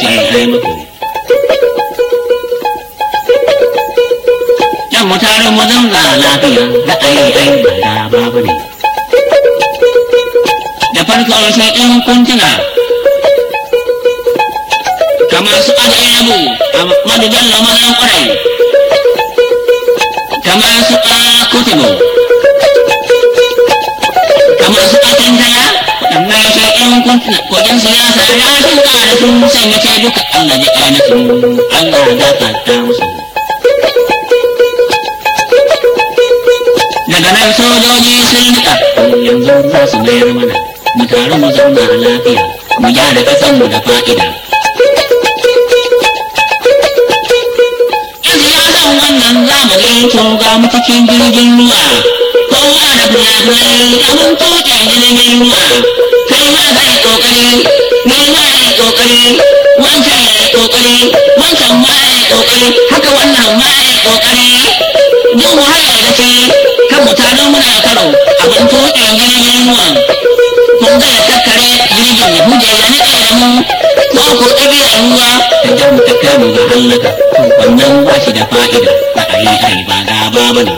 sayang-sayang betul yang mau cari mau tahu nggak nanti ya nggak ayo ayo nggak apa apa yang kunci nggak kama sauran kunku kogin su ya sa ya ruwa da su sanya ce duka Allah ji ainihin Allah ya gafarta musu. Daga nan sojoji sun niƙa yanzu za su mayar mana mu taru mu zauna lafiya mu gyara ƙasanmu da fa'ida. kan wannan zamani to ga mu cikin jirgin ruwa kowa da bulabulai abin tuƙe jirgin ruwa ma za yi kokari ni ma yi kokari wanka a yi kokari wankan ma a yi kokari haka wannan ma a yi kokari mu mu haka da ke kan mutanen muna karo abin tuƙin jirgin ruwan mun ga da tattare jirgin mu huje ya nade da mu ko ko ɗabi'ar ruwa da jan ta kama ga hallaka to wannan ba shi da fa'ida a yi ba gaba babu ne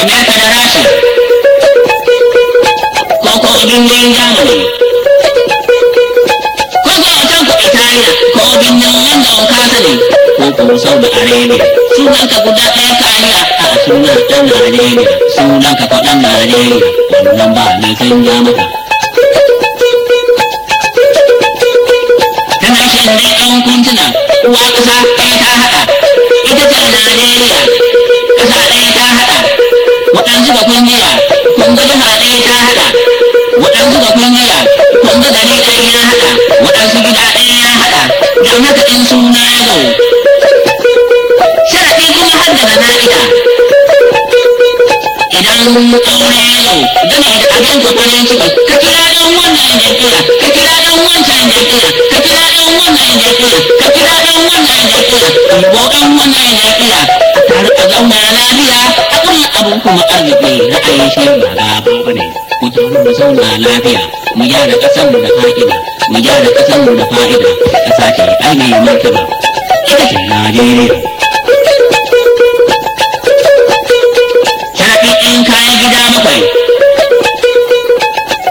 Amerika da Rasha ko ko bindiyoyin Germany ko ko can ku Italiya ko bindiyoyin London Castle ko ko sau da arewa sunan ka guda ɗaya kariya a sunan ɗan Najeriya sunan ka faɗan Najeriya wannan ba mai sanya maka. Tana shi ne ɗan kuntuna uwa ƙasa waɗansu da kungiya kun ga jiha ɗaya ta haɗa waɗansu ga kungiya kun ga gari ɗaya ya haɗa waɗansu gida ɗaya ya haɗa don haka in suna ya zo sharaɗi kuma har da zana'ida idan aure ya zo gami da abin kwakwalin ciki ka kira ɗan wannan jafiya ka kira ɗan wancan jafiya ka kira ɗan wannan jafiya ka kira ɗan wannan jafiya ka kira ɗan wannan jafiya abun kuma arziki ra'ayin shi ba gaba ba ne mu taru mu zauna lafiya mu gyara ƙasar mu da fa'ida mu gyara ƙasar mu da fa'ida ƙasa ce ai mai martaba ita ce Najeriya shafi in kayi gida bakwai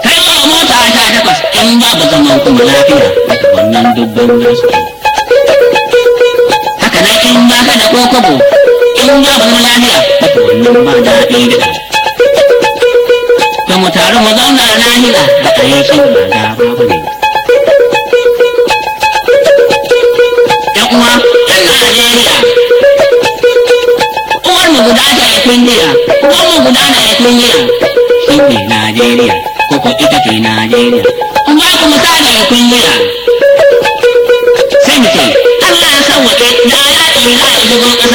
kai ma mota ta takwas in babu zaman kuma lafiya wannan dubban nasu haka nan in ma kada ko kwabo in ya zama lafiya wannan ba daɗi da da mu taru mu zauna lahira a kayan shi ba da babu ne yan uwa ɗan Najeriya uwar mu guda da yakin jiya uwar mu guda da yakin jiya shi ne Najeriya Koko ita ce Najeriya in ba ku misali ya jiya sai mu ce Allah ya sauwaƙe da ala ilaha illallah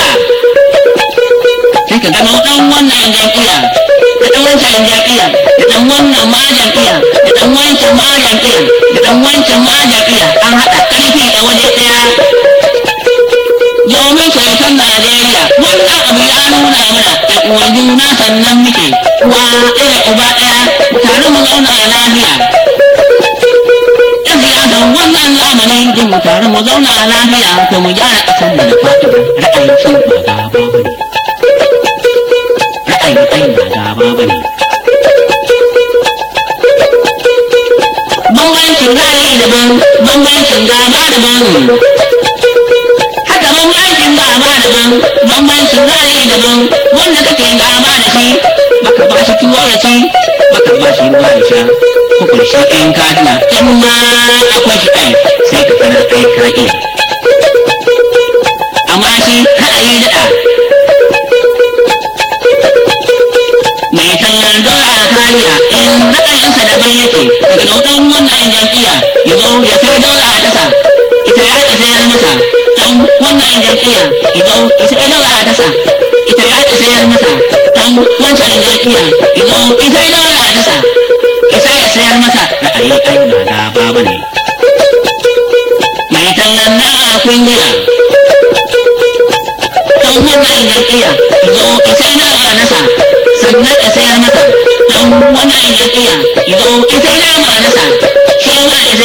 quân chạy jankia da dan wancan jankia da dan wannan ma jankia da dan wancan ma jankia da dan wancan ma jankia an haɗa ƙarfi a waje ɗaya domin kyautar Najeriya wannan abu ya nuna mana da uwan juna sannan muke uwa ɗaya uba ɗaya tare mu zauna lafiya don wannan zamanin jin mu tare mu zauna lafiya to mu gyara ƙasar mu da fatan ra'ayin cin ba ba ba bambancin gaba da bangu haka bambancin gaba da bangu bambancin ra'ayi daban wanda kake ma da shi baka ba shi tuwo da shi baka ba shi ruwa da sha hukunci in ka tuna in ma akwai shi ai sai ka wannan jam'iyya idan ita ina ba ta sa ita ya ta sayar masa dan wancan jam'iyya idan ina ba ta sa ita ya sayar masa da na da baba ne mai tallan na kunya dan wannan jam'iyya idan ita ina ba ta sa sannan ya sayar masa dan wannan jam'iyya idan ita ina ba ta sa shi ma ya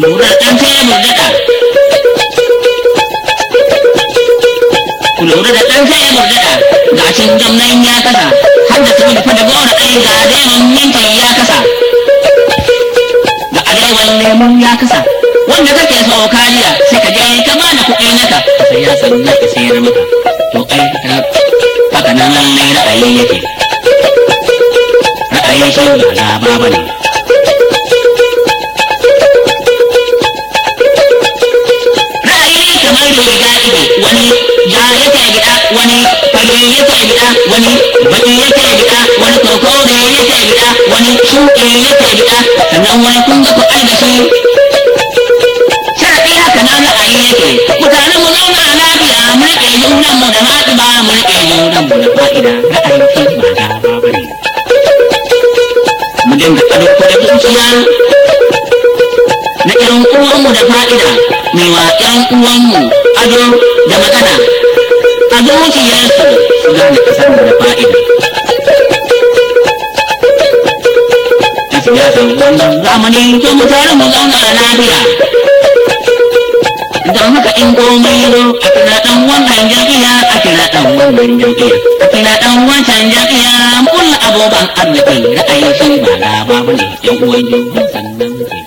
lura ɗan fili ku lura da ɗan fili murgada ga cin jamnan ya kasa har da tuni fa da gora ai ga daiman mintin ya kasa ga alewan lemon ya kasa wanda kake so kariya sai ka je kama da kuɗi naka sai ya san na ka sayar maka to ai haka nan ne ra'ayi yake ra'ayin shi ba ba ne jamalul ga'ibi wani ya yake gida wani fage ya yake gida wani baki yake gida wani ya yake gida wani shuke yake gida sannan wani kun ga ku da shi sharadi haka nan na ayi yake mutanen mu zauna lafiya mu rike junan mu da haɗi ba mu rike junan mu da fa'ida ra'ayin ke ba da babari mu dinga ɗaukar zuciya uwanmu da fa'ida mai wa ƴan uwanmu ado da magana a zuciyarsu su gane ƙasarmu da fa'ida a siyasar wannan zamani sun mu tare mu zauna lafiya don haka in komai zo a kira ɗan wannan jam'iyya a kira ɗan wannan jam'iyya a kira ɗan wancan jam'iyya mun abubuwan arziki ra'ayi shi ba babu lababule yan uwan jirgin sannan ke